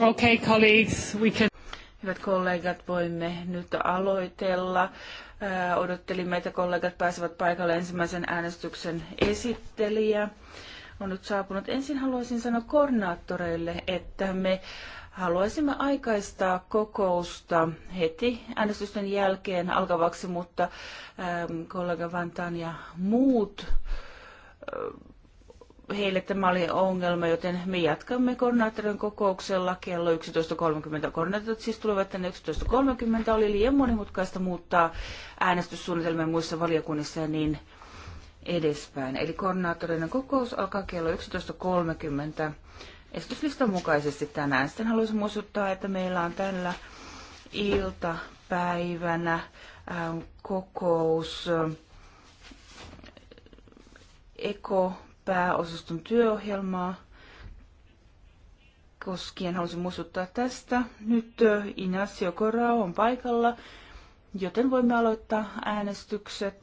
Okay, colleagues, we can... Hyvät kollegat, voimme nyt aloitella. Äh, odottelimme, että kollegat pääsevät paikalle ensimmäisen äänestyksen esittelijä. On nyt saapunut. Ensin haluaisin sanoa koordinaattoreille, että me haluaisimme aikaistaa kokousta heti äänestysten jälkeen alkavaksi, mutta ähm, kollega Vantaan ja muut äh, heille tämä oli ongelma, joten me jatkamme koordinaattorin kokouksella kello 11.30. Koordinaattorit siis tulivat tänne 11.30. Oli liian monimutkaista muuttaa äänestyssuunnitelmia muissa valiokunnissa ja niin edespäin. Eli koordinaattorin kokous alkaa kello 11.30 esityslistan mukaisesti tänään. Sitten haluaisin muistuttaa, että meillä on tällä iltapäivänä ähm, kokous ähm, Eko pääosaston työohjelmaa koskien. halusin muistuttaa tästä. Nyt Inasio Corrao on paikalla, joten voimme aloittaa äänestykset.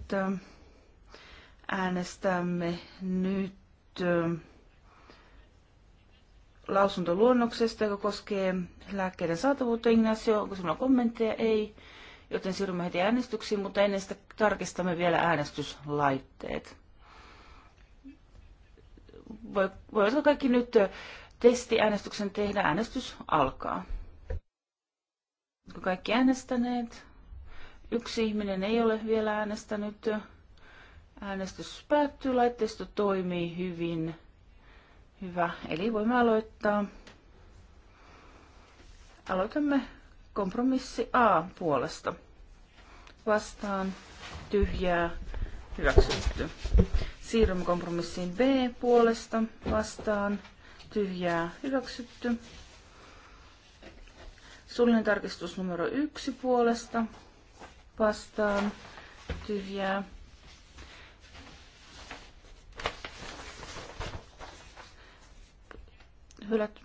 Äänestämme nyt lausuntoluonnoksesta, joka koskee lääkkeiden saatavuutta. Ignacio, onko sinulla kommentteja? Ei. Joten siirrymme heti äänestyksiin, mutta ennen sitä tarkistamme vielä äänestyslaitteet voivatko kaikki nyt testiäänestyksen tehdä? Äänestys alkaa. Oletko kaikki äänestäneet? Yksi ihminen ei ole vielä äänestänyt. Äänestys päättyy, laitteisto toimii hyvin. Hyvä, eli voimme aloittaa. Aloitamme kompromissi A puolesta. Vastaan tyhjää hyväksytty. Siirrymme kompromissiin B puolesta vastaan. Tyhjää hyväksytty. Suullinen tarkistus numero 1 puolesta vastaan. Tyhjää. Hylät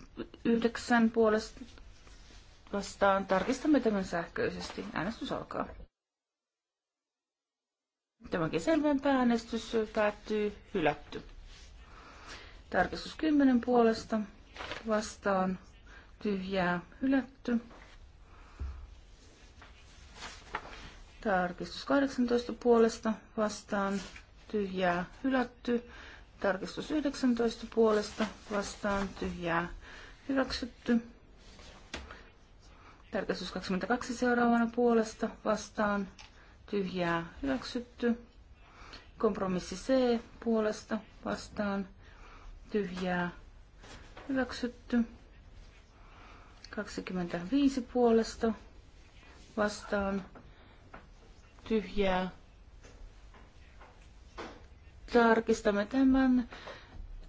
yhdeksän puolesta vastaan. Tarkistamme tämän sähköisesti. Äänestys alkaa. Tämäkin selvän päänestys päättyy hylätty. Tarkistus 10 puolesta vastaan tyhjää hylätty. Tarkistus 18 puolesta vastaan tyhjää hylätty. Tarkistus 19 puolesta vastaan tyhjää hyväksytty. Tarkistus 22 seuraavana puolesta vastaan tyhjää hyväksytty. Kompromissi C puolesta vastaan tyhjää hyväksytty. 25 puolesta vastaan tyhjää. Tarkistamme tämän.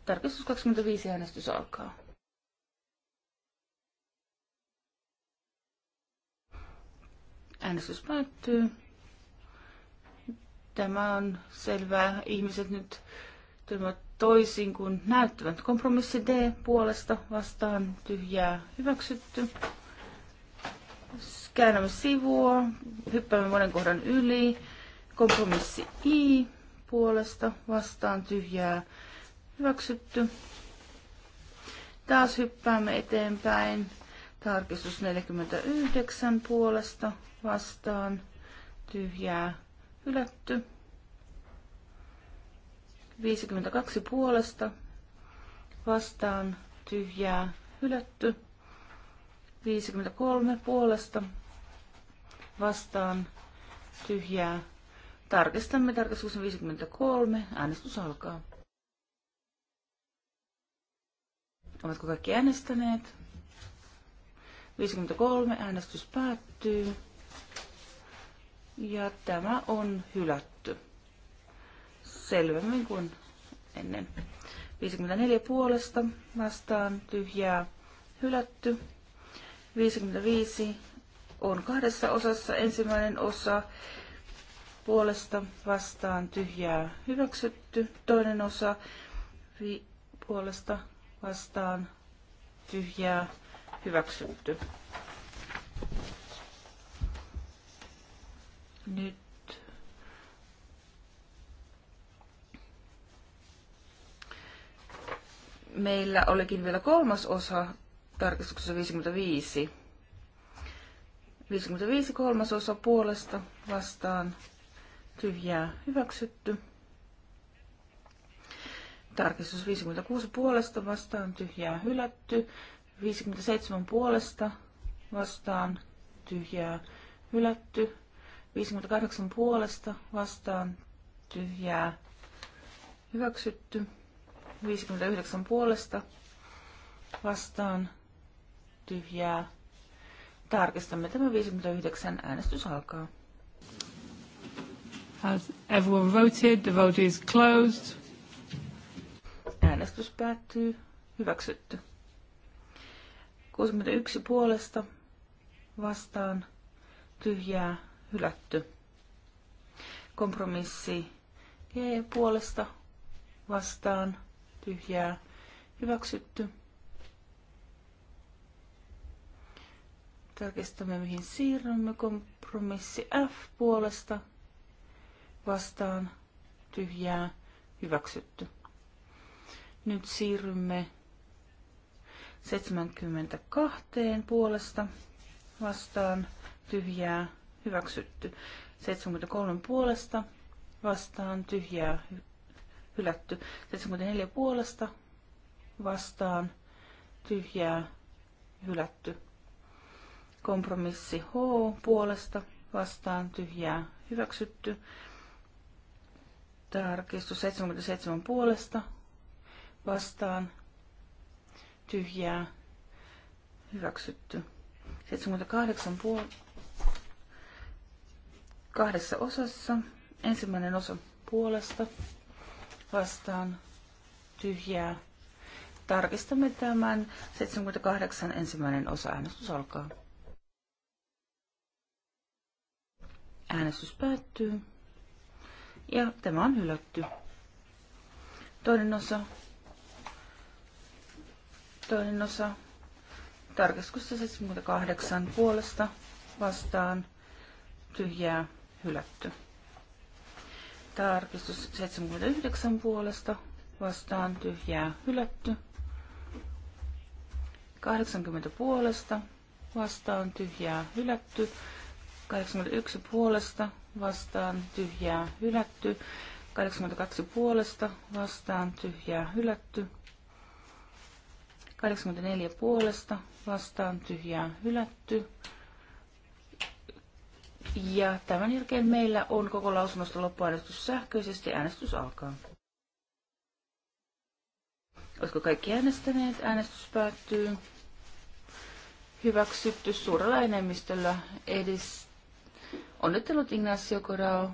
Tarkistus 25 äänestys alkaa. Äänestys päättyy. Tämä on selvää. Ihmiset nyt toimivat toisin kuin näyttävät. Kompromissi D puolesta vastaan tyhjää hyväksytty. Käännämme sivua, hyppäämme monen kohdan yli. Kompromissi I puolesta vastaan tyhjää hyväksytty. Taas hyppäämme eteenpäin. Tarkistus 49 puolesta vastaan tyhjää Hylätty. 52 puolesta vastaan tyhjää hylätty. 53 puolesta vastaan tyhjää. Tarkistamme tarkastuksen 53. Äänestys alkaa. Oletko kaikki äänestäneet? 53. Äänestys päättyy. Ja tämä on hylätty. Selvemmin kuin ennen. 54 puolesta vastaan tyhjää hylätty. 55 on kahdessa osassa. Ensimmäinen osa puolesta vastaan tyhjää hyväksytty. Toinen osa vi- puolesta vastaan tyhjää hyväksytty. Nyt meillä olikin vielä kolmas osa tarkistuksessa 55. 55 osa puolesta vastaan tyhjää hyväksytty. Tarkistus 56 puolesta vastaan tyhjää hylätty. 57 puolesta vastaan tyhjää hylätty. 58 puolesta vastaan tyhjää hyväksytty. 59 puolesta vastaan tyhjää. Tarkistamme tämä 59. Äänestys alkaa. Has everyone voted? The vote is closed. Äänestys päättyy. Hyväksytty. 61 puolesta vastaan tyhjää hylätty. Kompromissi G e puolesta vastaan tyhjää hyväksytty. Tarkistamme, mihin siirrymme. Kompromissi F puolesta vastaan tyhjää hyväksytty. Nyt siirrymme 72 puolesta vastaan tyhjää hyväksytty. 73 puolesta vastaan tyhjää hylätty. 74 puolesta vastaan tyhjää hylätty. Kompromissi H puolesta vastaan tyhjää hyväksytty. Tarkistus 77 puolesta vastaan tyhjää hyväksytty. 78 puolesta kahdessa osassa. Ensimmäinen osa puolesta vastaan tyhjää. Tarkistamme tämän 78 ensimmäinen osa. Äänestys alkaa. Äänestys päättyy. Ja tämä on hylätty. Toinen osa. Toinen osa. Tarkistus 78 puolesta vastaan tyhjää hylätty. Tarkistus 79 puolesta vastaan tyhjää hylätty. 80 puolesta vastaan tyhjää hylätty. 81 puolesta vastaan tyhjää hylätty. 82 puolesta vastaan tyhjää hylätty. 84 puolesta vastaan tyhjää hylätty. Ja tämän jälkeen meillä on koko lausunnosta loppuäänestys sähköisesti. Äänestys alkaa. Olisiko kaikki äänestäneet? Äänestys päättyy. Hyväksytty suurella enemmistöllä edis. Onnittelut Ignacio Corao.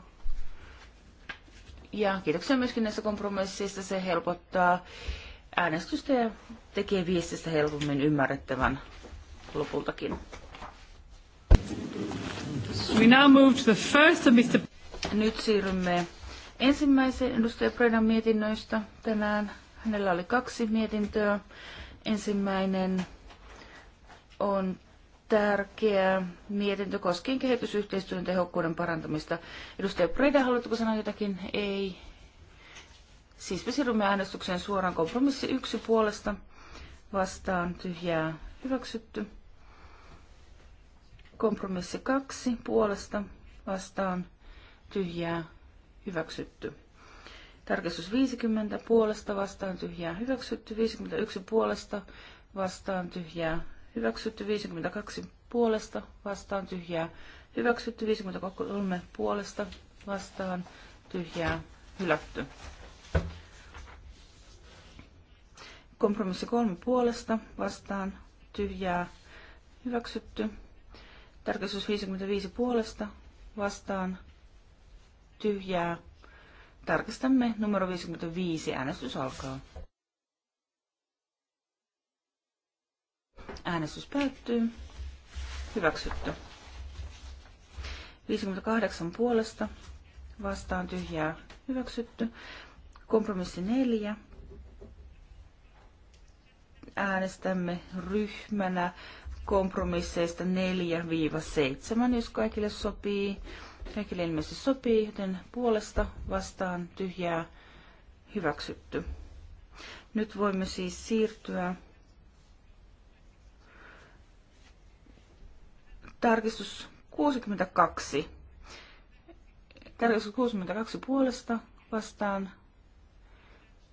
Ja kiitoksia myöskin näistä kompromisseista. Se helpottaa äänestystä ja tekee viestistä helpommin ymmärrettävän lopultakin. We now move to the first of Mr. Nyt siirrymme ensimmäiseen edustaja Bredan mietinnöistä tänään. Hänellä oli kaksi mietintöä. Ensimmäinen on tärkeä mietintö koskien kehitysyhteistyön tehokkuuden parantamista. Edustaja Preda, haluatko sanoa jotakin? Ei. Siis me siirrymme äänestykseen suoraan kompromissi yksi puolesta vastaan tyhjää hyväksytty. Kompromissi kaksi puolesta vastaan tyhjää hyväksytty. Tarkistus 50 puolesta vastaan tyhjää hyväksytty. 51 puolesta vastaan tyhjää hyväksytty. 52 puolesta vastaan tyhjää hyväksytty. 53 puolesta vastaan tyhjää hylätty. Kompromissi kolme puolesta vastaan tyhjää hyväksytty. Tarkastus 55 puolesta vastaan tyhjää. Tarkistamme numero 55. Äänestys alkaa. Äänestys päättyy. Hyväksytty. 58 puolesta vastaan tyhjää hyväksytty. Kompromissi 4. Äänestämme ryhmänä kompromisseista 4-7, jos kaikille sopii. Kaikille ilmeisesti sopii, joten puolesta vastaan tyhjää hyväksytty. Nyt voimme siis siirtyä tarkistus 62. Tarkistus 62 puolesta vastaan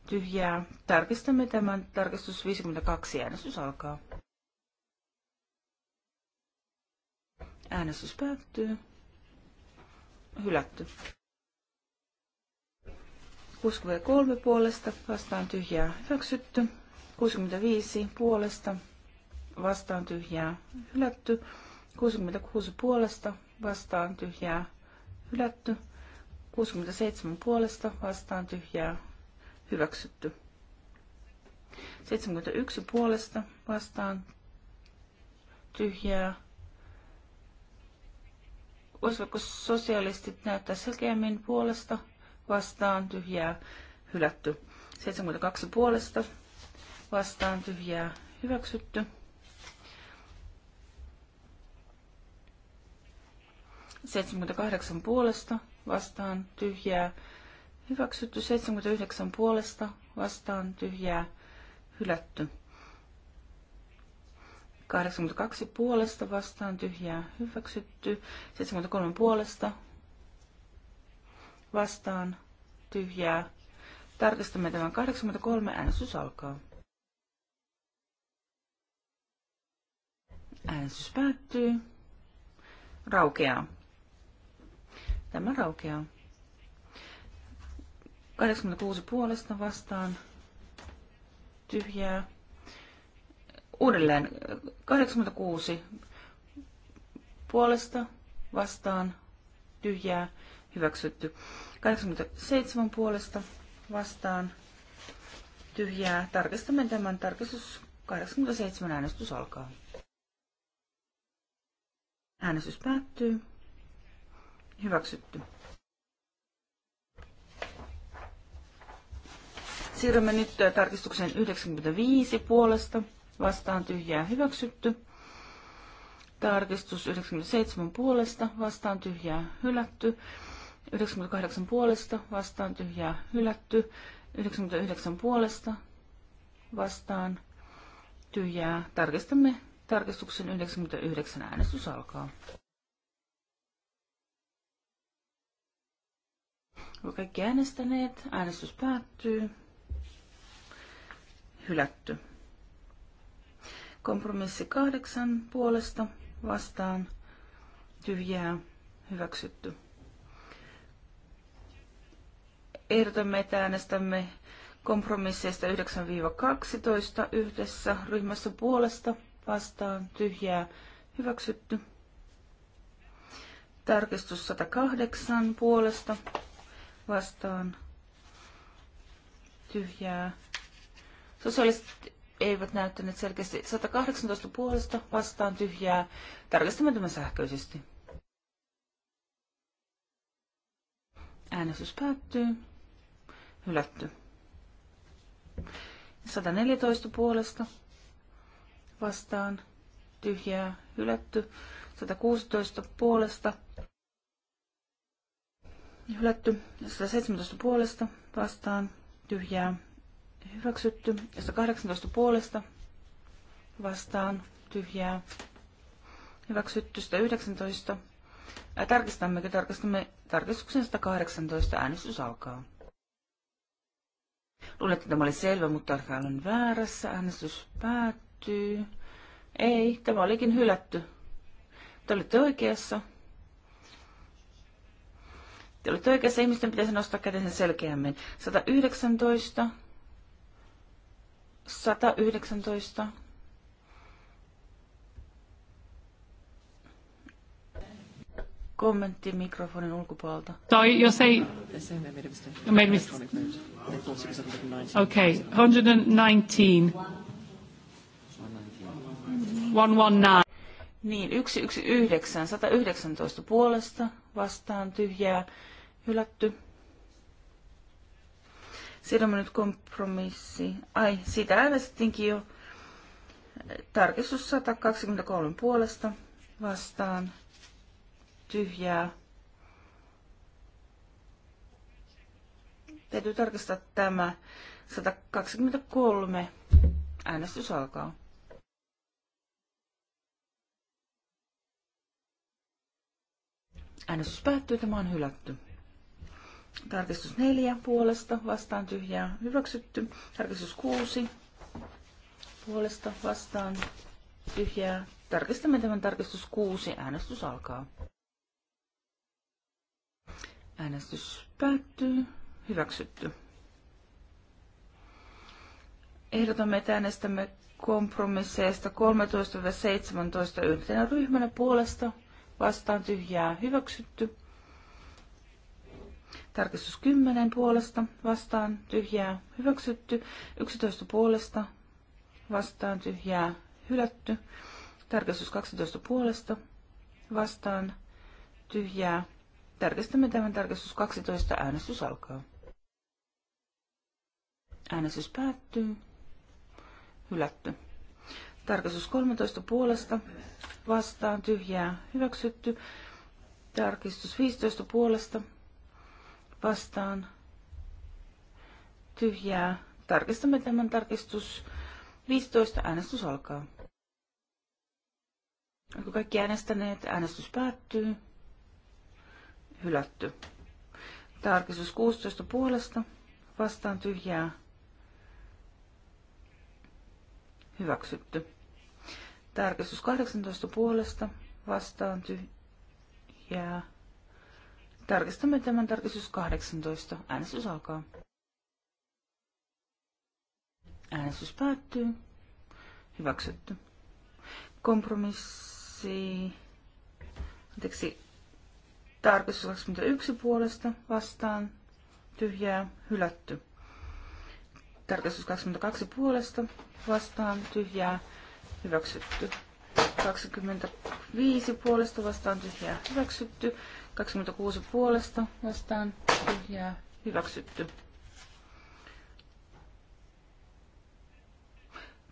tyhjää. Tarkistamme tämän. Tarkistus 52 äänestys alkaa. Äänestys päättyy. Hylätty. 63 puolesta vastaan tyhjää hyväksytty. 65 puolesta vastaan tyhjää hylätty. 66 puolesta vastaan tyhjää hylätty. 67 puolesta vastaan tyhjää hyväksytty. 71 puolesta vastaan tyhjää Voisivatko sosialistit näyttää selkeämmin puolesta vastaan tyhjää hylätty? 72 puolesta vastaan tyhjää hyväksytty. 78 puolesta vastaan tyhjää hyväksytty. 79 puolesta vastaan tyhjää hylätty. 82 puolesta vastaan tyhjää hyväksytty. 73 puolesta vastaan tyhjää. Tarkistamme tämän 83 äänestys alkaa. Äänestys päättyy. Raukeaa. Tämä raukeaa. 86 puolesta vastaan tyhjää Uudelleen 86 puolesta vastaan tyhjää hyväksytty. 87 puolesta vastaan tyhjää. Tarkistamme tämän. Tarkistus 87 äänestys alkaa. Äänestys päättyy. Hyväksytty. Siirrymme nyt tarkistukseen 95 puolesta vastaan tyhjää hyväksytty. Tarkistus 97 puolesta vastaan tyhjää hylätty. 98 puolesta vastaan tyhjää hylätty. 99 puolesta vastaan tyhjää. Tarkistamme tarkistuksen 99 äänestys alkaa. kaikki äänestäneet? Äänestys päättyy. Hylätty. Kompromissi kahdeksan puolesta vastaan tyhjää hyväksytty. Ehdotamme, että äänestämme kompromisseista 9-12 yhdessä ryhmässä puolesta vastaan tyhjää hyväksytty. Tarkistus 108 puolesta vastaan tyhjää. Sosiaaliset eivät näyttäneet selkeästi 118 puolesta vastaan tyhjää. Tarkistamme tämän sähköisesti. Äänestys päättyy. Hylätty. 114 puolesta vastaan tyhjää hylätty. 116 puolesta hylätty. 117 puolesta vastaan tyhjää Hyväksytty. 18 puolesta vastaan tyhjää. Hyväksytty 119. Tarkistamme, että Tarkistamme tarkistuksen 118. Äänestys alkaa. Luulen, että tämä oli selvä, mutta täällä on väärässä. Äänestys päättyy. Ei, tämä olikin hylätty. Te olitte oikeassa. Te olitte oikeassa. Ihmisten pitäisi nostaa kätensä selkeämmin. 119 119. Kommentti mikrofonin ulkopuolelta. Tai jos ei... Made Okay, 119. 119. Niin, 119, 119 puolesta vastaan tyhjää, hylätty. Siirrymme nyt kompromissi. Ai, siitä äänestinkin jo. Tarkistus 123 puolesta vastaan. Tyhjää. Täytyy tarkistaa tämä. 123. Äänestys alkaa. Äänestys päättyy. Tämä on hylätty. Tarkistus 4 puolesta vastaan tyhjää hyväksytty. Tarkistus 6 puolesta vastaan tyhjää. Tarkistamme tämän tarkistus 6. Äänestys alkaa. Äänestys päättyy. Hyväksytty. Ehdotamme, että äänestämme kompromisseista 13-17 yhtenä ryhmänä puolesta vastaan tyhjää hyväksytty. Tarkistus 10 puolesta vastaan tyhjää hyväksytty. 11 puolesta vastaan tyhjää hylätty. Tarkistus 12 puolesta vastaan tyhjää. Tarkistamme tämän tarkistus 12. Äänestys alkaa. Äänestys päättyy. Hylätty. Tarkistus 13 puolesta vastaan tyhjää hyväksytty. Tarkistus 15 puolesta vastaan tyhjää. Tarkistamme tämän tarkistus 15. Äänestys alkaa. Onko kaikki äänestäneet? Äänestys päättyy. Hylätty. Tarkistus 16 puolesta. Vastaan tyhjää. Hyväksytty. Tarkistus 18 puolesta. Vastaan tyhjää. Tarkistamme tämän tarkistus 18. Äänestys alkaa. Äänestys päättyy. Hyväksytty. Kompromissi. Anteeksi. Tarkistus 21 puolesta vastaan. Tyhjää. Hylätty. Tarkistus 22 puolesta vastaan. Tyhjää. Hyväksytty. 25 puolesta vastaan tyhjää hyväksytty. 26 puolesta vastaan tyhjää hyväksytty.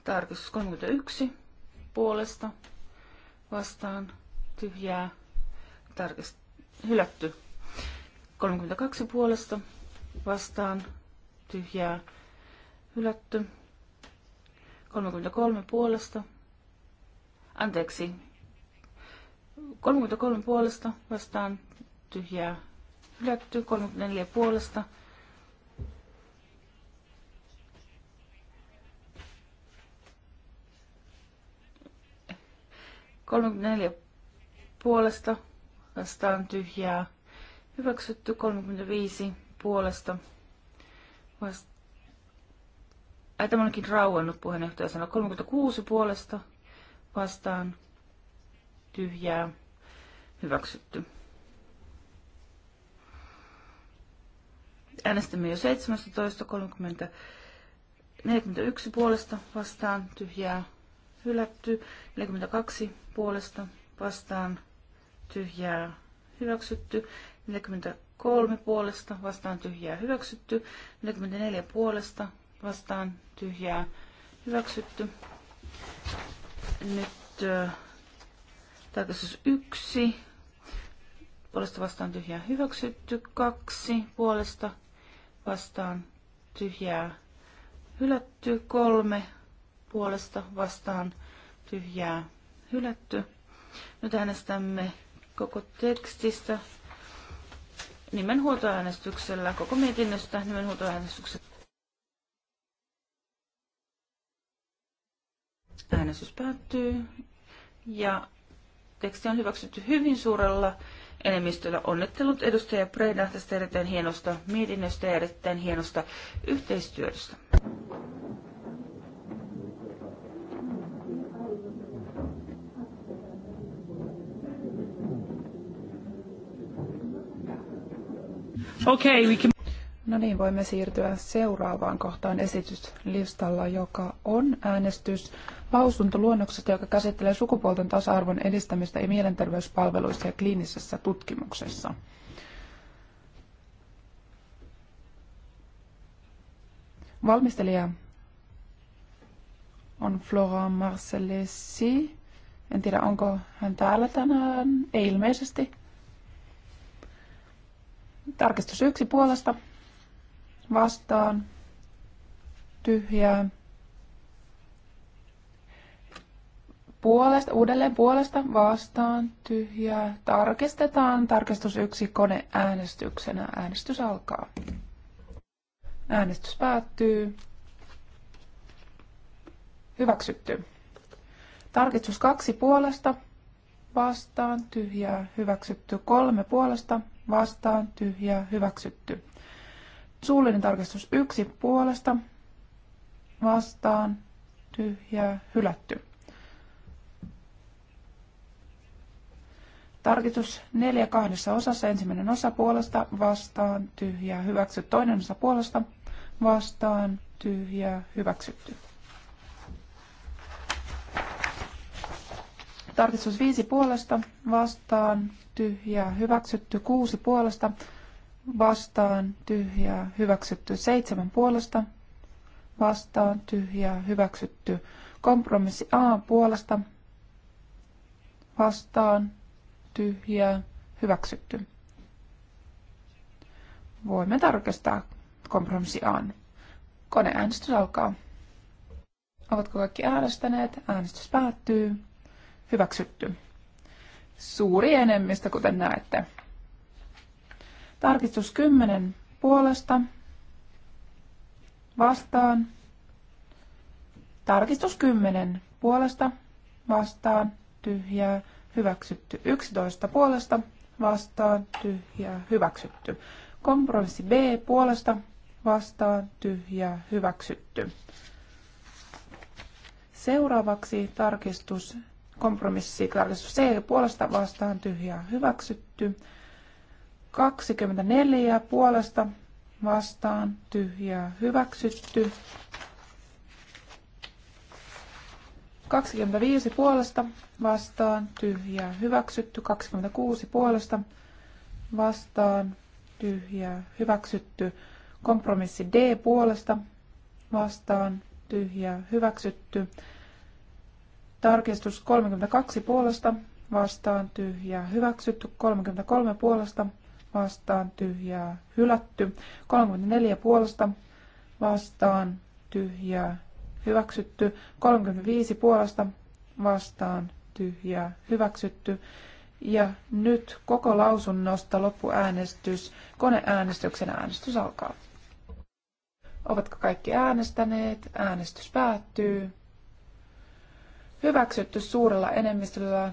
Tarkistus 31 puolesta vastaan tyhjää tarkist, hylätty. 32 puolesta vastaan tyhjää hylätty. 33 puolesta. Anteeksi. 33 puolesta vastaan tyhjää hylättyä 34 puolesta. Kolmekymmentä puolesta vastaan tyhjää. Hyväksytty 35 puolesta. Vast... Ai, tämä onkin rauennut puheenjohtaja sanoa. 36 puolesta vastaan tyhjää. Hyväksytty. Äänestämme jo 17.30. puolesta vastaan tyhjää hylätty. 42 puolesta vastaan tyhjää hyväksytty. 43 puolesta vastaan tyhjää hyväksytty. 44 puolesta vastaan tyhjää hyväksytty. Nyt äh, tarkastus 1 puolesta vastaan tyhjää hyväksytty. 2 puolesta vastaan tyhjää hylätty. Kolme puolesta vastaan tyhjää hylätty. Nyt äänestämme koko tekstistä nimenhuoltoäänestyksellä, koko mietinnöstä nimenhuoltoäänestyksellä. Äänestys päättyy ja teksti on hyväksytty hyvin suurella enemmistöllä. Onnittelut edustaja Preda tästä erittäin hienosta mietinnöstä ja erittäin hienosta yhteistyöstä. Okay, we can... No niin, voimme siirtyä seuraavaan kohtaan esityslistalla, joka on äänestys lausuntoluonnoksesta, joka käsittelee sukupuolten tasa-arvon edistämistä ja mielenterveyspalveluissa ja kliinisessä tutkimuksessa. Valmistelija on Flora Marcellesi. En tiedä, onko hän täällä tänään. Ei ilmeisesti. Tarkistus yksi puolesta. Vastaan. Tyhjää. puolesta, uudelleen puolesta vastaan tyhjää. Tarkistetaan tarkistus yksi kone äänestyksenä. Äänestys alkaa. Äänestys päättyy. Hyväksytty. Tarkistus kaksi puolesta vastaan tyhjää hyväksytty. Kolme puolesta vastaan tyhjää hyväksytty. Suullinen tarkistus yksi puolesta vastaan tyhjää hylätty. Tarkistus neljä kahdessa osassa. Ensimmäinen osa puolesta vastaan tyhjää hyväksytty. Toinen osa puolesta vastaan tyhjää hyväksytty. Tarkistus viisi puolesta vastaan tyhjää hyväksytty. kuusi puolesta vastaan tyhjää hyväksytty. seitsemän puolesta vastaan tyhjää hyväksytty. Kompromissi A puolesta vastaan ja hyväksytty. Voimme tarkistaa kompromissi A. Koneäänestys alkaa. Ovatko kaikki äänestäneet? Äänestys päättyy. Hyväksytty. Suuri enemmistö, kuten näette. Tarkistus 10 puolesta. Vastaan. Tarkistus 10 puolesta. Vastaan. Tyhjää hyväksytty. 11 puolesta vastaan tyhjää hyväksytty. Kompromissi B puolesta vastaan tyhjää hyväksytty. Seuraavaksi tarkistus kompromissi tarkistus C puolesta vastaan tyhjää hyväksytty. 24 puolesta vastaan tyhjää hyväksytty. 25 puolesta vastaan tyhjää hyväksytty. 26 puolesta vastaan tyhjää hyväksytty. Kompromissi D puolesta vastaan tyhjää hyväksytty. Tarkistus 32 puolesta vastaan tyhjää hyväksytty. 33 puolesta vastaan tyhjää hylätty. 34 puolesta vastaan tyhjää hyväksytty. 35 puolesta vastaan tyhjää hyväksytty. Ja nyt koko lausunnosta loppuäänestys. Koneäänestyksen äänestys alkaa. Ovatko kaikki äänestäneet? Äänestys päättyy. Hyväksytty suurella enemmistöllä.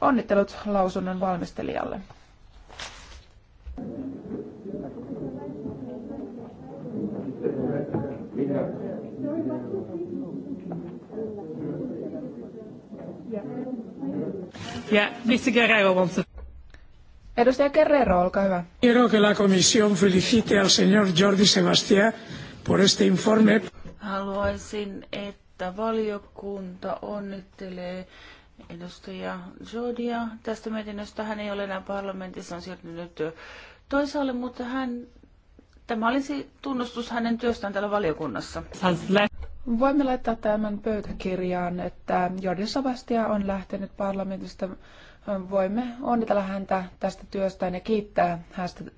Onnittelut lausunnon valmistelijalle. Ja Mr. Guerrero wants to... Edustaja Guerrero, olkaa hyvä. Quiero que la comisión felicite al señor Jordi Sebastián por este informe. Haluaisin, että valiokunta onnittelee edustaja Jordia tästä mietinnöstä. Hän ei ole enää parlamentissa, on siirtynyt toisaalle, mutta hän, tämä olisi tunnustus hänen työstään täällä valiokunnassa. Voimme laittaa tämän pöytäkirjaan, että Jordi Savastia on lähtenyt parlamentista. Voimme onnitella häntä tästä työstään ja kiittää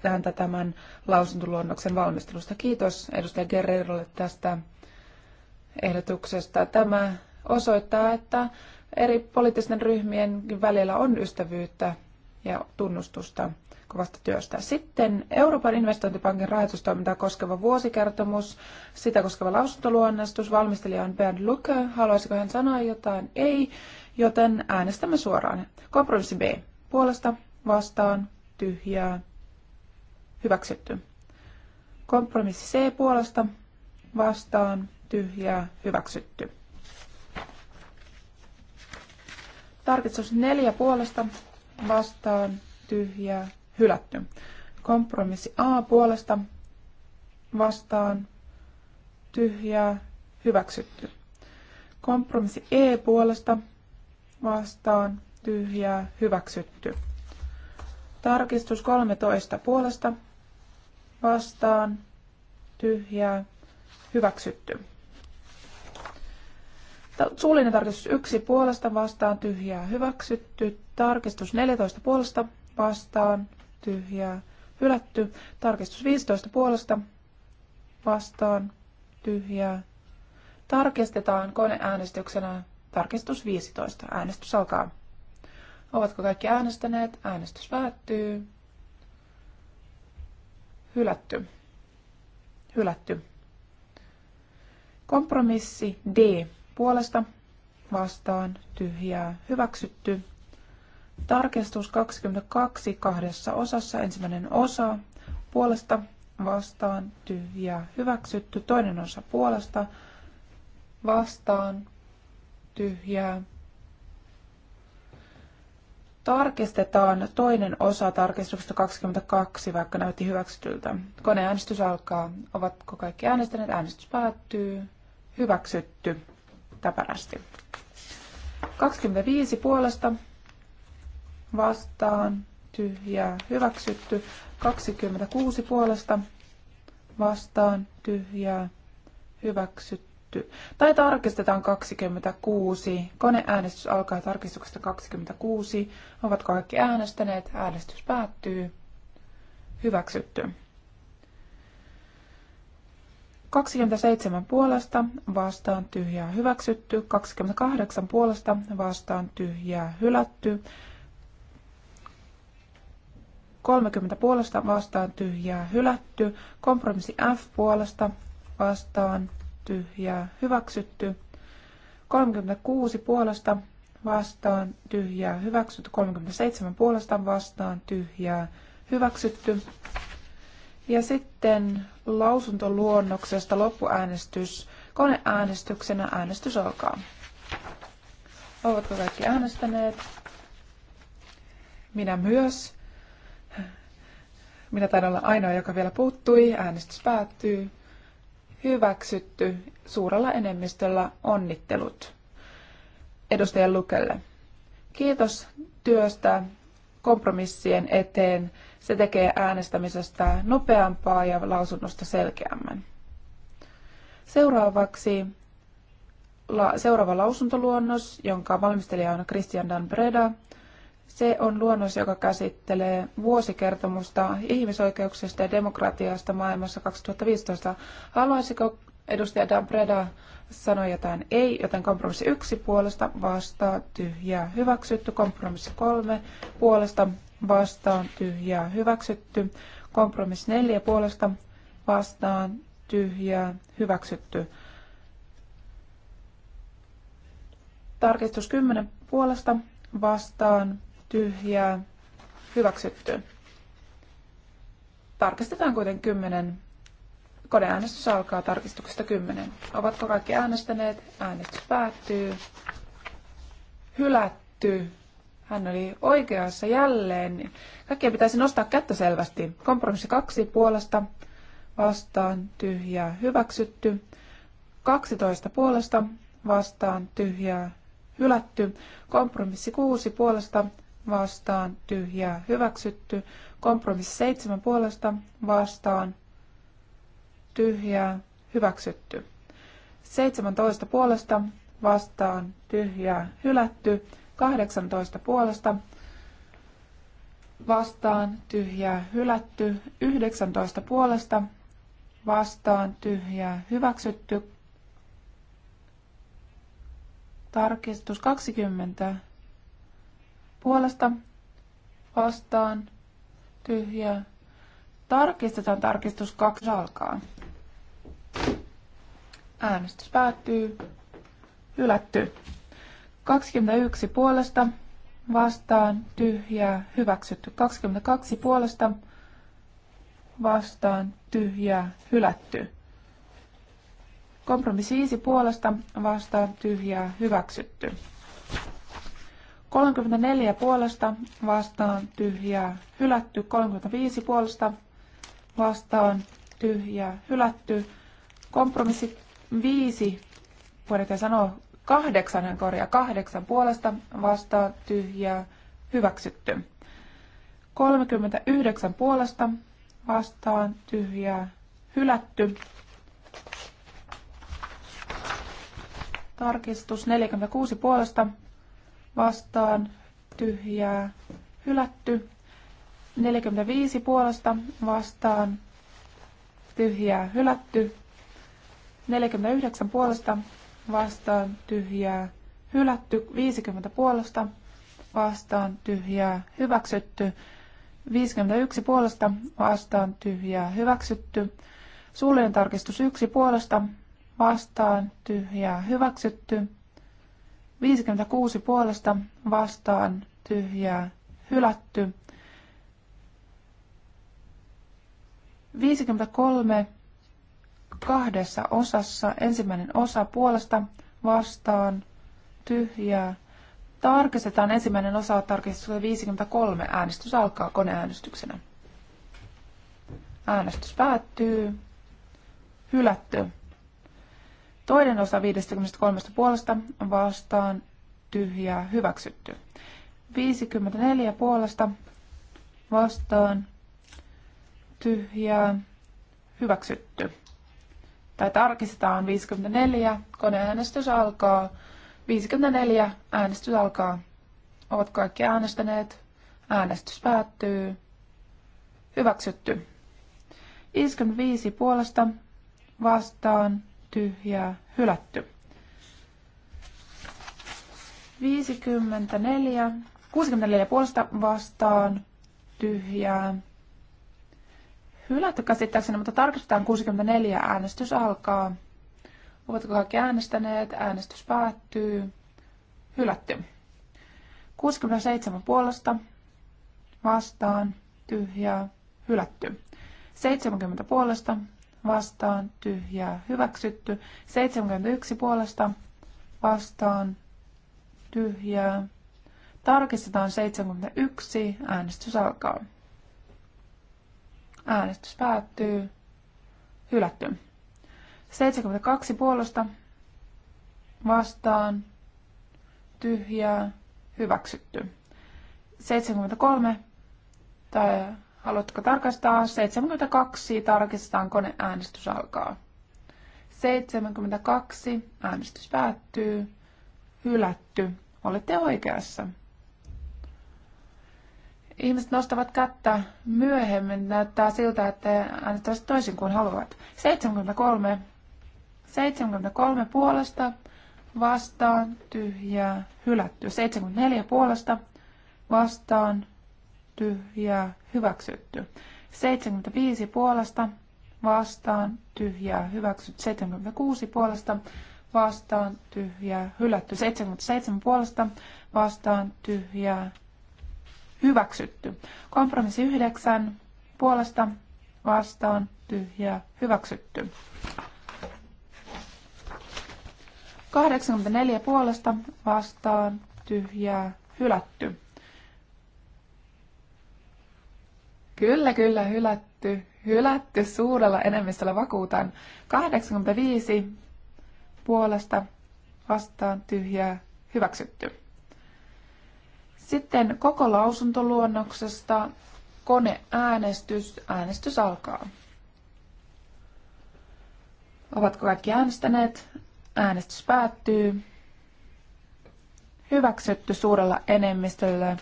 häntä tämän lausuntoluonnoksen valmistelusta. Kiitos edustaja Guerrerolle tästä ehdotuksesta. Tämä osoittaa, että eri poliittisten ryhmien välillä on ystävyyttä ja tunnustusta kovasta työstä. Sitten Euroopan investointipankin rahoitustoimintaa koskeva vuosikertomus, sitä koskeva lausuntoluonnostus, valmistelija on Bernd Lucke. Haluaisiko hän sanoa jotain? Ei, joten äänestämme suoraan. Kompromissi B. Puolesta, vastaan, tyhjää, hyväksytty. Kompromissi C puolesta, vastaan, tyhjää, hyväksytty. Tarkistus neljä puolesta, vastaan, tyhjää, hylätty. Kompromissi A puolesta vastaan tyhjää hyväksytty. Kompromissi E puolesta vastaan tyhjää hyväksytty. Tarkistus 13 puolesta vastaan tyhjää hyväksytty. Suullinen tarkistus 1 puolesta vastaan tyhjää hyväksytty. Tarkistus 14 puolesta vastaan tyhjää hylätty. Tarkistus 15 puolesta vastaan tyhjää. Tarkistetaan koneäänestyksenä. Tarkistus 15. Äänestys alkaa. Ovatko kaikki äänestäneet? Äänestys päättyy. Hylätty. Hylätty. Kompromissi D puolesta vastaan tyhjää hyväksytty. Tarkistus 22 kahdessa osassa. Ensimmäinen osa puolesta vastaan tyhjä hyväksytty. Toinen osa puolesta vastaan tyhjää. Tarkistetaan toinen osa tarkistuksesta 22, vaikka näytti hyväksytyltä. Koneäänestys alkaa. Ovatko kaikki äänestäneet? Äänestys päättyy. Hyväksytty. Täpärästi. 25 puolesta vastaan, tyhjää, hyväksytty. 26 puolesta vastaan, tyhjää, hyväksytty. Tai tarkistetaan 26. Koneäänestys alkaa tarkistuksesta 26. Ovat kaikki äänestäneet. Äänestys päättyy. Hyväksytty. 27 puolesta vastaan tyhjää hyväksytty, 28 puolesta vastaan tyhjää hylätty, 30 puolesta vastaan tyhjää hylätty. Kompromissi F puolesta vastaan tyhjää hyväksytty. 36 puolesta vastaan tyhjää hyväksytty. 37 puolesta vastaan tyhjää hyväksytty. Ja sitten lausuntoluonnoksesta loppuäänestys. Koneäänestyksenä äänestys alkaa. Ovatko kaikki äänestäneet? Minä myös. Minä taidan olla ainoa, joka vielä puuttui. Äänestys päättyy. Hyväksytty suurella enemmistöllä onnittelut edustajan Lukelle. Kiitos työstä kompromissien eteen. Se tekee äänestämisestä nopeampaa ja lausunnosta selkeämmän. Seuraavaksi la, seuraava lausuntoluonnos, jonka valmistelija on Christian Dan Breda. Se on luonnos, joka käsittelee vuosikertomusta ihmisoikeuksista ja demokratiasta maailmassa 2015. Haluaisiko edustaja Dan Preda sanoa jotain ei, joten kompromissi yksi puolesta vastaa tyhjää hyväksytty. Kompromissi kolme puolesta vastaan tyhjää hyväksytty. Kompromissi neljä puolesta vastaan tyhjää hyväksytty. Tarkistus 10 puolesta vastaan tyhjää, hyväksytty. Tarkistetaan kuitenkin 10. Koneäänestys alkaa tarkistuksesta 10. Ovatko kaikki äänestäneet? Äänestys päättyy. Hylätty. Hän oli oikeassa jälleen. Kaikkien pitäisi nostaa kättä selvästi. Kompromissi kaksi puolesta vastaan tyhjää hyväksytty. 12 puolesta vastaan tyhjää hylätty. Kompromissi kuusi puolesta vastaan tyhjää hyväksytty. Kompromissi seitsemän puolesta vastaan tyhjää hyväksytty. 17 puolesta vastaan tyhjää hylätty. 18 puolesta vastaan tyhjää hylätty. 19 puolesta vastaan tyhjää hyväksytty. Tarkistus 20 puolesta vastaan tyhjää. Tarkistetaan tarkistus kaksi alkaa. Äänestys päättyy. Hylätty. 21 puolesta vastaan tyhjää hyväksytty. 22 puolesta vastaan tyhjää hylätty. Kompromissi 5 puolesta vastaan tyhjää hyväksytty. 34 puolesta vastaan tyhjää hylätty. 35 puolesta vastaan tyhjää hylätty. Kompromissi 5, voidaan sanoa 8 korjaa 8 puolesta vastaan tyhjää hyväksytty. 39 puolesta vastaan tyhjää hylätty. Tarkistus 46 puolesta vastaan tyhjää hylätty. 45 puolesta vastaan tyhjää hylätty. 49 puolesta vastaan tyhjää hylätty. 50 puolesta vastaan tyhjää hyväksytty. 51 puolesta vastaan tyhjää hyväksytty. Suullinen tarkistus 1 puolesta vastaan tyhjää hyväksytty. 56 puolesta vastaan tyhjää hylätty. 53 kahdessa osassa. Ensimmäinen osa puolesta vastaan tyhjää. Tarkistetaan ensimmäinen osa tarkistus 53. Äänestys alkaa koneäänestyksenä. Äänestys päättyy. Hylätty. Toinen osa 53 puolesta vastaan tyhjää hyväksytty. 54 puolesta vastaan tyhjää hyväksytty. Tai tarkistetaan 54, koneäänestys alkaa. 54 äänestys alkaa. Ovat kaikki äänestäneet. Äänestys päättyy. Hyväksytty. 55 puolesta vastaan ja hylätty. 54, 64 puolesta vastaan, tyhjää, hylätty käsittääkseni, mutta tarkistetaan 64, äänestys alkaa. Ovatko kaikki äänestäneet? Äänestys päättyy. Hylätty. 67 puolesta vastaan, tyhjää, hylätty. 70 puolesta vastaan tyhjää hyväksytty. 71 puolesta vastaan tyhjää. Tarkistetaan 71. Äänestys alkaa. Äänestys päättyy. Hylätty. 72 puolesta vastaan tyhjää hyväksytty. 73 tai Haluatko tarkastaa? 72. Tarkistetaan Äänestys alkaa. 72. Äänestys päättyy. Hylätty. Olette oikeassa. Ihmiset nostavat kättä myöhemmin. Näyttää siltä, että äänestävät toisin kuin haluavat. 73. 73 puolesta vastaan tyhjää hylätty. 74 puolesta vastaan ja hyväksytty. 75 puolesta, vastaan, tyhjää, hyväksytty. 76 puolesta, vastaan, tyhjää, hylätty. 77 puolesta, vastaan, tyhjää, hyväksytty. Kompromissi 9 puolesta, vastaan, tyhjää, hyväksytty. 84 puolesta, vastaan, tyhjää, hylätty. Kyllä, kyllä, hylätty. Hylätty suurella enemmistöllä vakuutan. 85 puolesta vastaan tyhjää hyväksytty. Sitten koko lausuntoluonnoksesta koneäänestys. Äänestys alkaa. Ovatko kaikki äänestäneet? Äänestys päättyy. Hyväksytty suurella enemmistöllä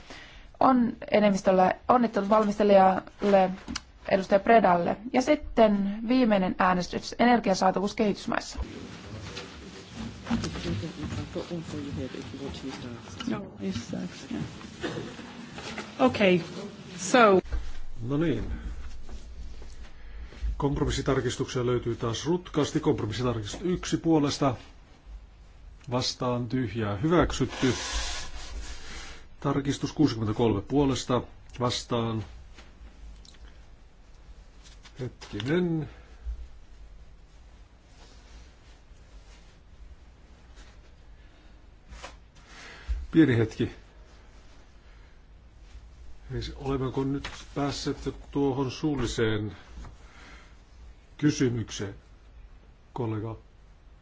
on enemmistölle onnittelut valmistelijalle edustaja Predalle. Ja sitten viimeinen äänestys, energiasaatavuus kehitysmaissa. Okay, so. No niin. Kompromissitarkistuksia löytyy taas rutkaasti. Kompromissitarkistus yksi puolesta vastaan tyhjää hyväksytty. Tarkistus 63 puolesta vastaan. Hetkinen. Pieni hetki. Siis olemmeko nyt päässeet tuohon suulliseen kysymykseen? Kollega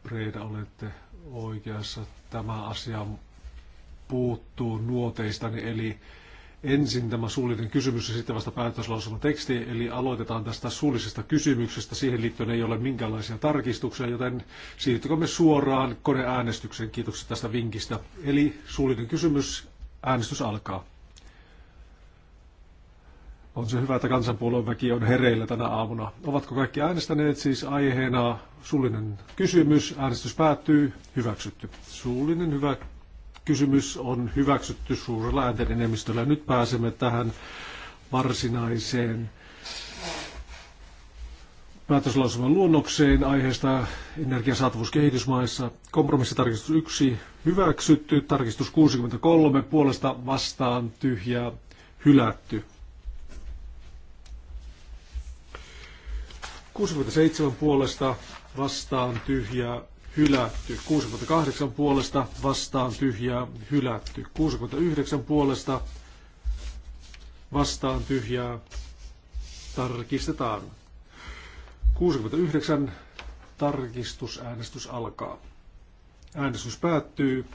Breida, olette oikeassa. Tämä asia puuttuu nuoteistani, niin eli ensin tämä suullinen kysymys ja sitten vasta päätöslausuma teksti, eli aloitetaan tästä suullisesta kysymyksestä. Siihen liittyen ei ole minkäänlaisia tarkistuksia, joten siirtykäämme suoraan koneäänestykseen. Kiitokset tästä vinkistä. Eli suullinen kysymys, äänestys alkaa. On se hyvä, että kansanpuolueen väki on hereillä tänä aamuna. Ovatko kaikki äänestäneet siis aiheena suullinen kysymys? Äänestys päättyy. Hyväksytty. Suullinen hyvä kysymys on hyväksytty suurella ääntenenemmistöllä. Nyt pääsemme tähän varsinaiseen päätöslausuman luonnokseen aiheesta energiasaatavuus kehitysmaissa. Kompromissitarkistus 1 hyväksytty, tarkistus 63 puolesta vastaan tyhjää hylätty. 67 puolesta vastaan tyhjää hylätty. 68 puolesta vastaan tyhjää hylätty. 69 puolesta vastaan tyhjää tarkistetaan. 69 tarkistusäänestys alkaa. Äänestys päättyy.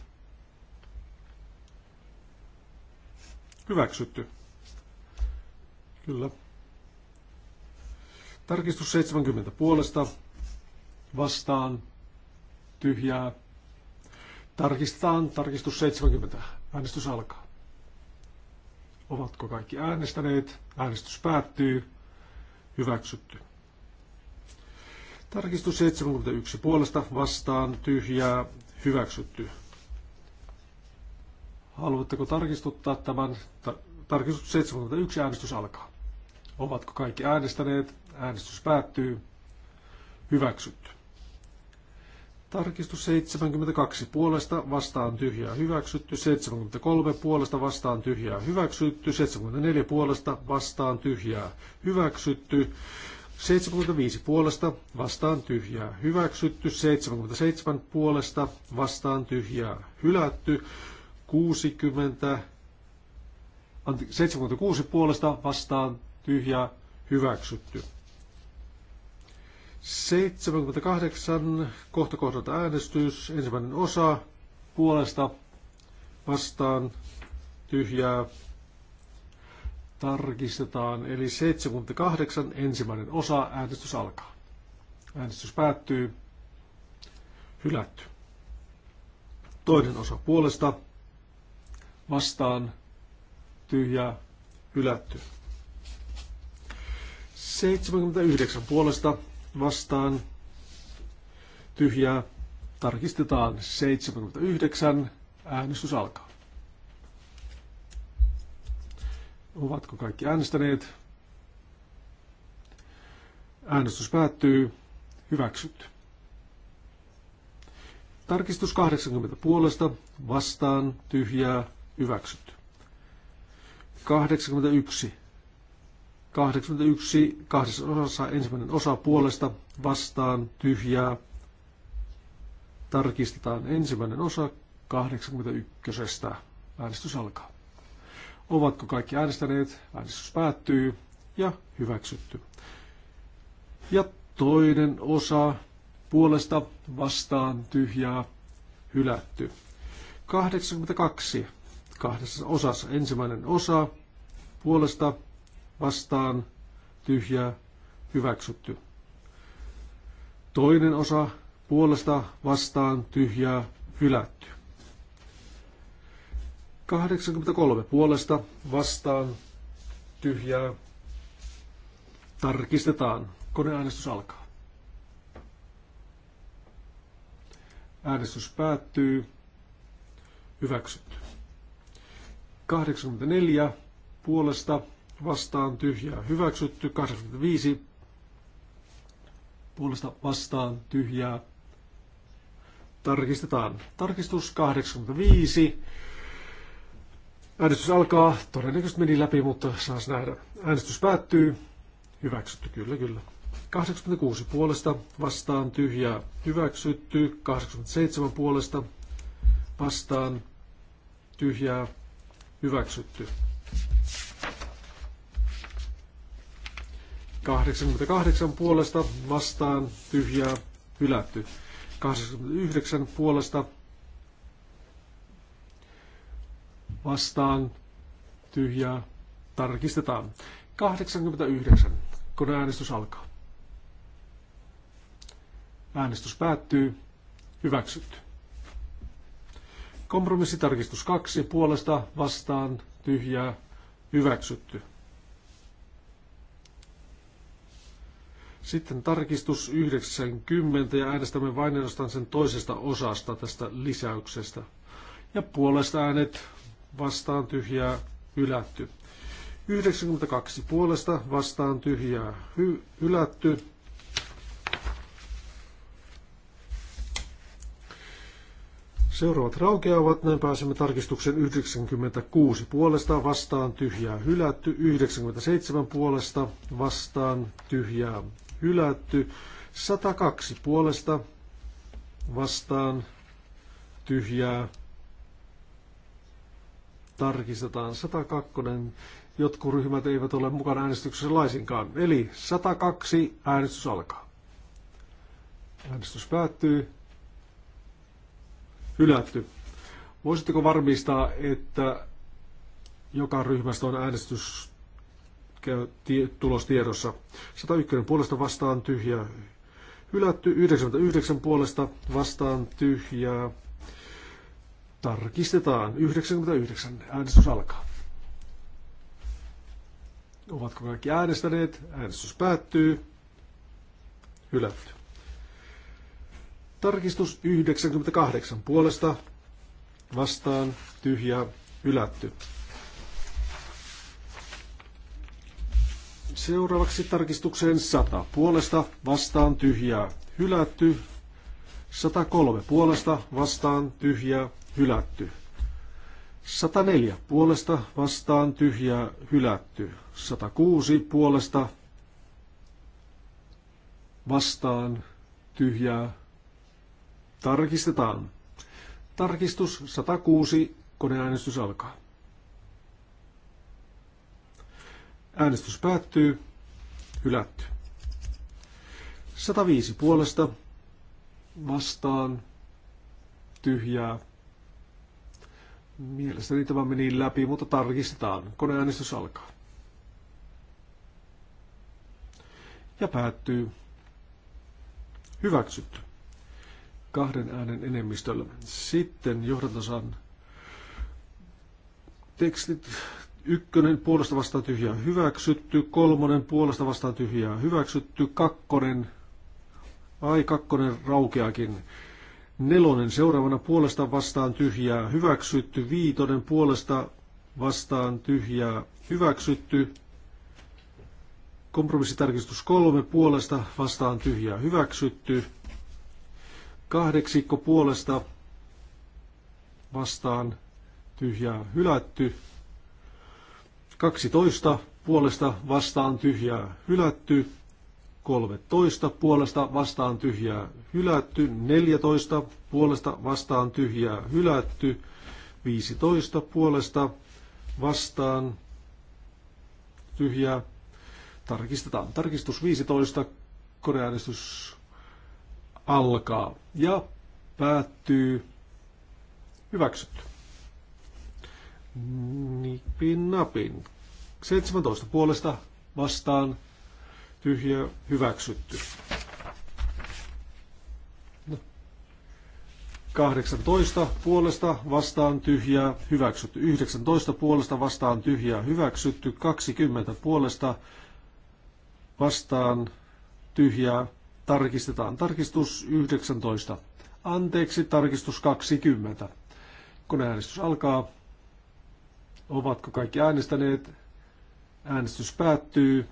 Hyväksytty. Kyllä. Tarkistus 70 puolesta vastaan tyhjää. Tarkistetaan tarkistus 70. Äänestys alkaa. Ovatko kaikki äänestäneet? Äänestys päättyy. Hyväksytty. Tarkistus 71 puolesta vastaan tyhjää hyväksytty. Haluatteko tarkistuttaa tämän? Tarkistus 71 äänestys alkaa. Ovatko kaikki äänestäneet? Äänestys päättyy. Hyväksytty. Tarkistus 72 puolesta vastaan tyhjää hyväksytty, 73 puolesta vastaan tyhjää hyväksytty, 74 puolesta vastaan tyhjää hyväksytty, 75 puolesta vastaan tyhjää hyväksytty, 77 puolesta vastaan tyhjää hylätty, 60, anteeksi, 76 puolesta vastaan tyhjää hyväksytty. 78, kohta kohdalta äänestys, ensimmäinen osa, puolesta, vastaan, tyhjää, tarkistetaan, eli 78, ensimmäinen osa, äänestys alkaa. Äänestys päättyy, hylätty. Toinen osa puolesta, vastaan, tyhjää, hylätty. 79 puolesta, vastaan tyhjää. Tarkistetaan 79. Äänestys alkaa. Ovatko kaikki äänestäneet? Äänestys päättyy. Hyväksytty. Tarkistus 80 puolesta, vastaan, tyhjää, hyväksytty. 81 81 kahdessa osassa ensimmäinen osa puolesta vastaan tyhjää. Tarkistetaan ensimmäinen osa 81. Äänestys alkaa. Ovatko kaikki äänestäneet? Äänestys päättyy ja hyväksytty. Ja toinen osa puolesta vastaan tyhjää hylätty. 82 kahdessa osassa ensimmäinen osa puolesta vastaan tyhjää hyväksytty. Toinen osa puolesta vastaan tyhjää hylätty. 83 puolesta vastaan tyhjää tarkistetaan. Koneäänestys alkaa. Äänestys päättyy. Hyväksytty. 84 puolesta vastaan tyhjää hyväksytty, 85 puolesta vastaan tyhjää tarkistetaan. Tarkistus 85. Äänestys alkaa. Todennäköisesti meni läpi, mutta saas nähdä. Äänestys päättyy. Hyväksytty, kyllä, kyllä. 86 puolesta vastaan tyhjää hyväksytty. 87 puolesta vastaan tyhjää hyväksytty. 88 puolesta vastaan tyhjää hylätty. 89 puolesta vastaan tyhjää tarkistetaan. 89. Kun äänestys alkaa. Äänestys päättyy. Hyväksytty. Kompromissitarkistus 2. Puolesta vastaan tyhjää hyväksytty. Sitten tarkistus 90 ja äänestämme vain ainoastaan sen toisesta osasta tästä lisäyksestä. Ja puolesta äänet vastaan tyhjää ylätty. 92 puolesta vastaan tyhjää hy- Seuraavat raukeavat, näin pääsemme tarkistuksen 96 puolesta vastaan tyhjää hylätty, 97 puolesta vastaan tyhjää hylätty. 102 puolesta vastaan tyhjää. Tarkistetaan 102. Jotkut ryhmät eivät ole mukana äänestyksessä laisinkaan. Eli 102 äänestys alkaa. Äänestys päättyy. Hylätty. Voisitteko varmistaa, että joka ryhmästä on äänestys tulostiedossa. 101 puolesta vastaan tyhjää hylätty, 99 puolesta vastaan tyhjää. Tarkistetaan. 99. Äänestys alkaa. Ovatko kaikki äänestäneet? Äänestys päättyy. Hylätty. Tarkistus 98 puolesta vastaan tyhjää hylätty. Seuraavaksi tarkistukseen 100. Puolesta vastaan tyhjää hylätty. 103. Puolesta vastaan tyhjää hylätty. 104. Puolesta vastaan tyhjää hylätty. 106. Puolesta vastaan tyhjää tarkistetaan. Tarkistus 106. Koneäänestys alkaa. Äänestys päättyy. Hylätty. 105 puolesta vastaan tyhjää. Mielestäni tämä meni läpi, mutta tarkistetaan. Koneäänestys alkaa. Ja päättyy. Hyväksytty. Kahden äänen enemmistöllä. Sitten johdantosan tekstit Ykkönen puolesta vastaan tyhjää hyväksytty, kolmonen puolesta vastaan tyhjää hyväksytty, kakkonen, ai kakkonen raukeakin. Nelonen seuraavana puolesta vastaan tyhjää hyväksytty, viitonen puolesta vastaan tyhjää hyväksytty, kompromissitarkistus kolme puolesta vastaan tyhjää hyväksytty, kahdeksikko puolesta vastaan tyhjää hylätty, 12 puolesta vastaan tyhjää hylätty. 13 puolesta vastaan tyhjää hylätty. 14 puolesta vastaan tyhjää hylätty. 15 puolesta vastaan tyhjää. Tarkistetaan. Tarkistus 15. Koreäänestys alkaa ja päättyy. Hyväksytty. Nipin napin. 17 puolesta vastaan tyhjä hyväksytty. 18 puolesta vastaan tyhjää hyväksytty. 19 puolesta vastaan tyhjää hyväksytty. 20 puolesta vastaan tyhjää tarkistetaan. Tarkistus 19. Anteeksi, tarkistus 20. äänestys alkaa. Ovatko kaikki äänestäneet? Äänestys päättyy.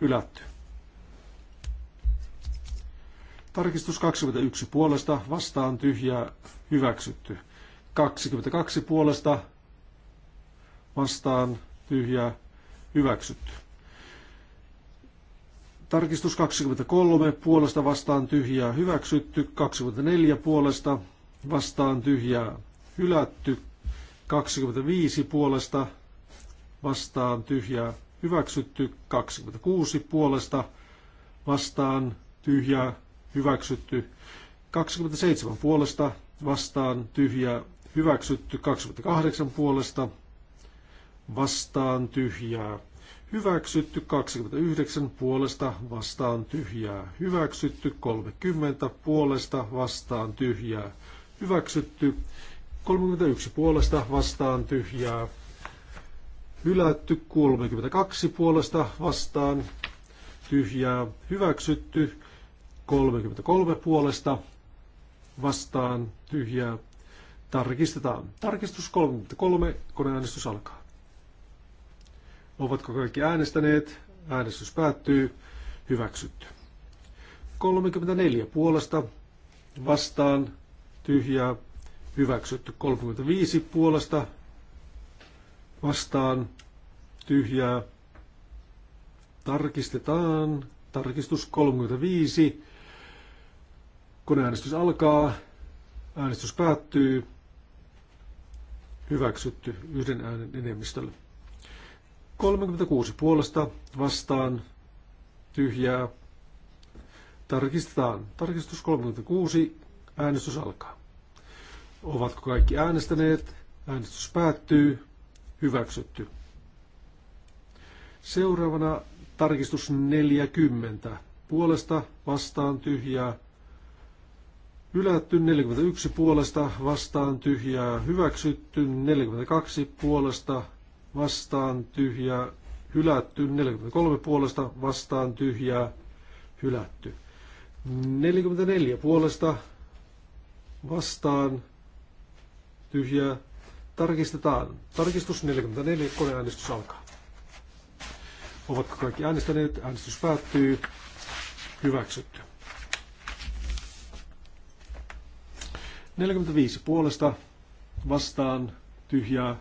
Hylätty. Tarkistus 21 puolesta vastaan tyhjää hyväksytty. 22 puolesta vastaan tyhjää hyväksytty. Tarkistus 23 puolesta vastaan tyhjää hyväksytty. 24 puolesta vastaan tyhjää hylätty. 25 puolesta vastaan tyhjää hyväksytty 26 puolesta vastaan tyhjää hyväksytty 27 puolesta vastaan tyhjää hyväksytty 28 puolesta vastaan tyhjää hyväksytty 29 puolesta vastaan tyhjää hyväksytty 30 puolesta vastaan tyhjää hyväksytty 31 puolesta vastaan tyhjää hylätty, 32 puolesta vastaan, tyhjää hyväksytty, 33 puolesta vastaan, tyhjää tarkistetaan. Tarkistus 33, koneäänestys alkaa. Ovatko kaikki äänestäneet? Äänestys päättyy. Hyväksytty. 34 puolesta vastaan, tyhjää, hyväksytty. 35 puolesta vastaan tyhjää. Tarkistetaan. Tarkistus 35. äänestys alkaa. Äänestys päättyy. Hyväksytty yhden äänen enemmistöllä. 36 puolesta vastaan tyhjää. Tarkistetaan. Tarkistus 36. Äänestys alkaa. Ovatko kaikki äänestäneet? Äänestys päättyy hyväksytty. Seuraavana tarkistus 40. Puolesta vastaan tyhjää. Ylätty 41 puolesta vastaan tyhjää. Hyväksytty 42 puolesta vastaan tyhjää. Hylätty 43 puolesta vastaan tyhjää. Hylätty. 44 puolesta vastaan tyhjää Tarkistetaan. Tarkistus 44, koneäänestys alkaa. Ovatko kaikki äänestäneet? Äänestys päättyy. Hyväksytty. 45 puolesta vastaan tyhjää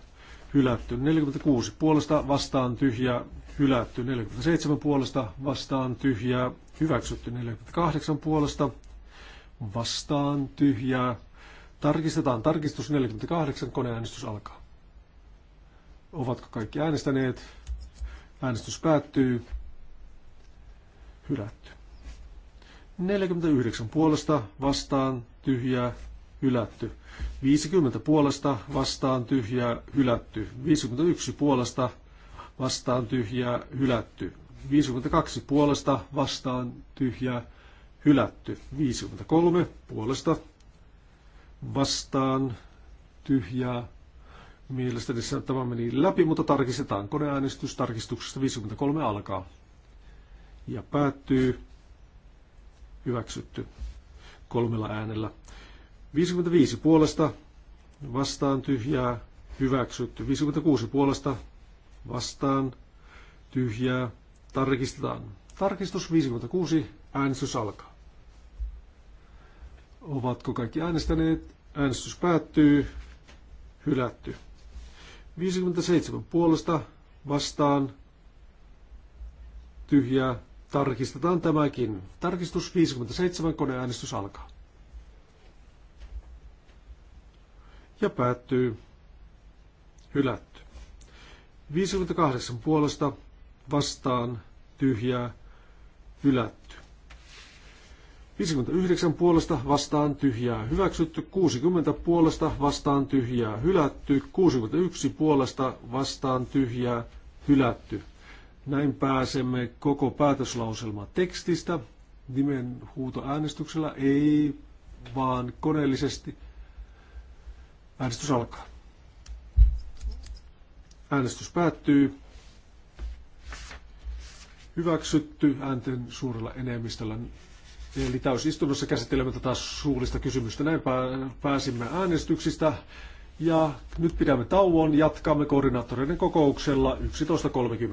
hylätty. 46 puolesta vastaan tyhjää hylätty. 47 puolesta vastaan tyhjää hyväksytty. 48 puolesta vastaan tyhjää Tarkistetaan tarkistus 48, koneäänestys alkaa. Ovatko kaikki äänestäneet? Äänestys päättyy. Hylätty. 49 puolesta vastaan tyhjä, hylätty. 50 puolesta vastaan tyhjä, hylätty. 51 puolesta vastaan tyhjä, hylätty. 52 puolesta vastaan tyhjä, hylätty. 53 puolesta vastaan tyhjää. Mielestäni tämä meni läpi, mutta tarkistetaan. Koneäänestys tarkistuksesta 53 alkaa ja päättyy. Hyväksytty kolmella äänellä. 55 puolesta vastaan tyhjää, hyväksytty. 56 puolesta vastaan tyhjää, tarkistetaan. Tarkistus 56, äänestys alkaa. Ovatko kaikki äänestäneet? Äänestys päättyy. Hylätty. 57 puolesta vastaan tyhjää. Tarkistetaan tämäkin. Tarkistus 57, koneäänestys alkaa. Ja päättyy. Hylätty. 58 puolesta vastaan tyhjää. Hylätty. 59 puolesta vastaan tyhjää hyväksytty, 60 puolesta vastaan tyhjää hylätty, 61 puolesta vastaan tyhjää hylätty. Näin pääsemme koko päätöslauselma tekstistä. Nimen huutoäänestyksellä ei, vaan koneellisesti. Äänestys alkaa. Äänestys päättyy. Hyväksytty äänten suurella enemmistöllä Eli täysistunnossa käsittelemme tätä suullista kysymystä. Näin pääsimme äänestyksistä. Ja nyt pidämme tauon. Jatkamme koordinaattoreiden kokouksella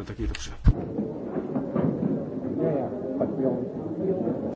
11.30. Kiitoksia.